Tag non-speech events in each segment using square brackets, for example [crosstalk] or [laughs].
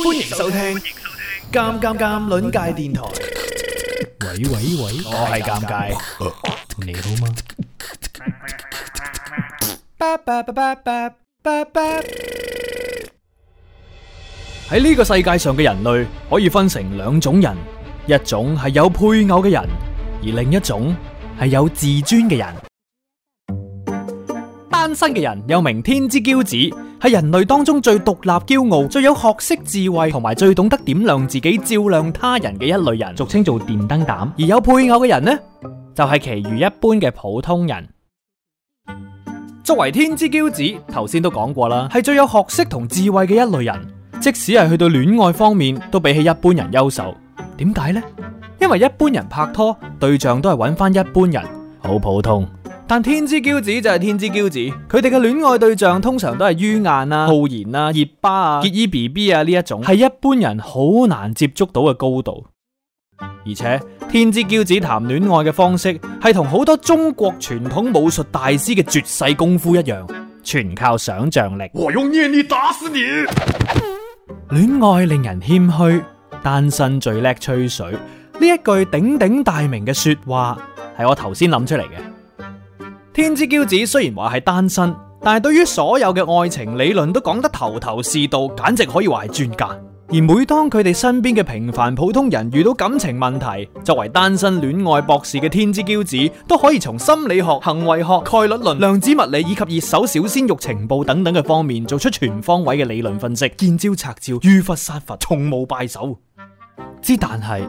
歡迎收聽《尷尷尷》論界電台。喂喂喂，喂喂我係尷尬。 [laughs] 你好嗎？喺 [laughs] 呢個世界上嘅人類可以分成兩種人，一種係有配偶嘅人，而另一種係有自尊嘅人。 [music] 單身嘅人又名天之驕子。係人類當中最獨立、驕傲、最有學識、智慧同埋最懂得點亮自己、照亮他人嘅一類人，俗稱做電燈膽。而有配偶嘅人呢，就係、是、其餘一般嘅普通人。作為天之驕子，頭先都講過啦，係最有學識同智慧嘅一類人。即使係去到戀愛方面，都比起一般人優秀。點解呢？因為一般人拍拖，對象都係揾翻一般人，好普通。但天之驕子就係天之驕子，佢哋嘅戀愛對象通常都係于彥啊、浩然啊、熱巴啊、結衣 B B 啊呢一種，係一般人好難接觸到嘅高度。而且天之驕子談戀愛嘅方式係同好多中國傳統武術大師嘅絕世功夫一樣，全靠想象力。我用念力打死你！戀愛令人謙虛，單身最叻吹水。呢一句鼎鼎大名嘅說話係我頭先諗出嚟嘅。天之驕子雖然話係單身，但係對於所有嘅愛情理論都講得頭頭是道，簡直可以話係專家。而每當佢哋身邊嘅平凡普通人遇到感情問題，作為單身戀愛博士嘅天之驕子，都可以從心理學、行為學、概率論、量子物理以及熱搜小鮮肉情報等等嘅方面，做出全方位嘅理論分析，見招拆招，遇佛殺佛，從無敗手。之但係。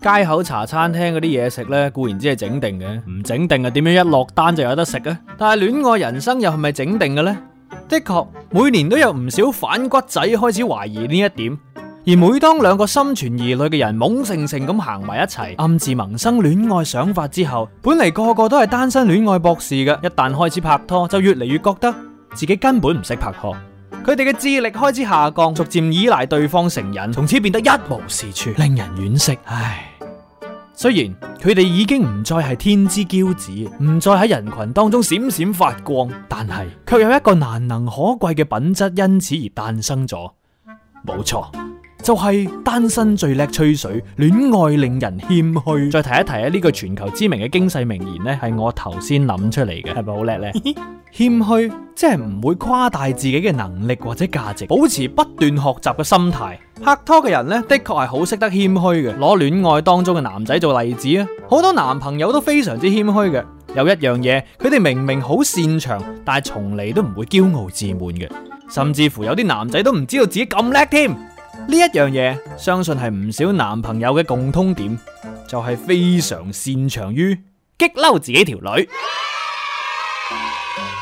街口茶餐廳嗰啲嘢食呢，固然只係整定嘅，唔整定啊，點樣一落單就有得食啊？但係戀愛人生又係咪整定嘅呢？的確，每年都有唔少反骨仔開始懷疑呢一點。而每當兩個心存疑慮嘅人懵盛盛咁行埋一齊，暗自萌生戀愛想法之後，本嚟個個都係單身戀愛博士嘅，一旦開始拍拖，就越嚟越覺得自己根本唔識拍拖。佢哋嘅智力開始下降，逐漸依賴對方成癮，從此變得一無是處，令人惋惜。唉。雖然佢哋已經唔再係天之驕子，唔再喺人群當中閃閃發光，但係卻有一個難能可貴嘅品質因此而誕生咗。冇錯。就係單身最叻吹水，戀愛令人謙虛。再提一提呢個全球知名嘅經濟名言呢，係我頭先諗出嚟嘅，係咪好叻呢？謙虛 [laughs] 即係唔會誇大自己嘅能力或者價值，保持不斷學習嘅心態。拍拖嘅人呢，的確係好識得謙虛嘅。攞戀愛當中嘅男仔做例子啊，好多男朋友都非常之謙虛嘅。有一樣嘢，佢哋明明好擅長，但係從嚟都唔會驕傲自滿嘅，甚至乎有啲男仔都唔知道自己咁叻添。呢一樣嘢，相信係唔少男朋友嘅共通點，就係、是、非常擅長於激嬲自己條女。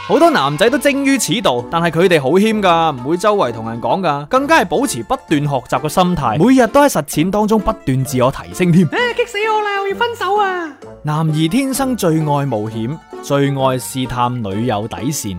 好 [laughs] 多男仔都精於此道，但係佢哋好謙噶，唔會周圍同人講噶，更加係保持不斷學習嘅心態，每日都喺實踐當中不斷自我提升添。誒、啊，激死我啦！我要分手啊！男兒天生最愛冒險，最愛試探女友底線。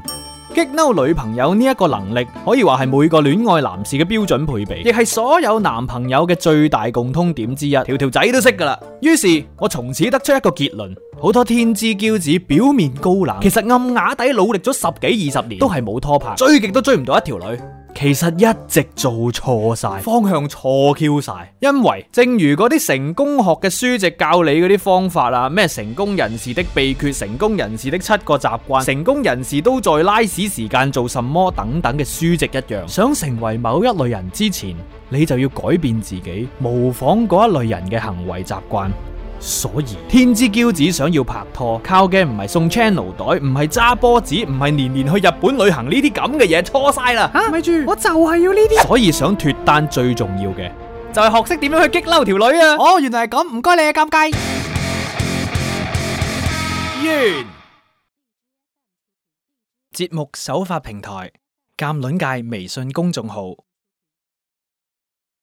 激嬲女朋友呢一個能力，可以話係每個戀愛男士嘅標準配備，亦係所有男朋友嘅最大共通點之一，條條仔都識㗎喇。於是我從此得出一個結論：好多天之驕子表面高冷，其實暗啞底努力咗十幾二十年，都係冇拖拍，追極都追唔到一條女。其實一直做錯晒，方向錯 Q 晒，因為正如嗰啲成功學嘅書籍教你嗰啲方法啊，咩成功人士的祕訣、成功人士的七個習慣、成功人士都在拉屎時間做什麼等等嘅書籍一樣，想成為某一類人之前，你就要改變自己，模仿嗰一類人嘅行為習慣。所以天之驕子想要拍拖，靠嘅唔係送 Chanel 袋，唔係揸波子，唔係年年去日本旅行呢啲咁嘅嘢，錯晒啦！咪住、啊，我就係要呢啲，所以想脱單最重要嘅就係、是、學識點樣去激嬲條女啊！哦，原來係咁，唔該你啊，尷尬，完，節目首發平台，鑒卵界微信公眾號。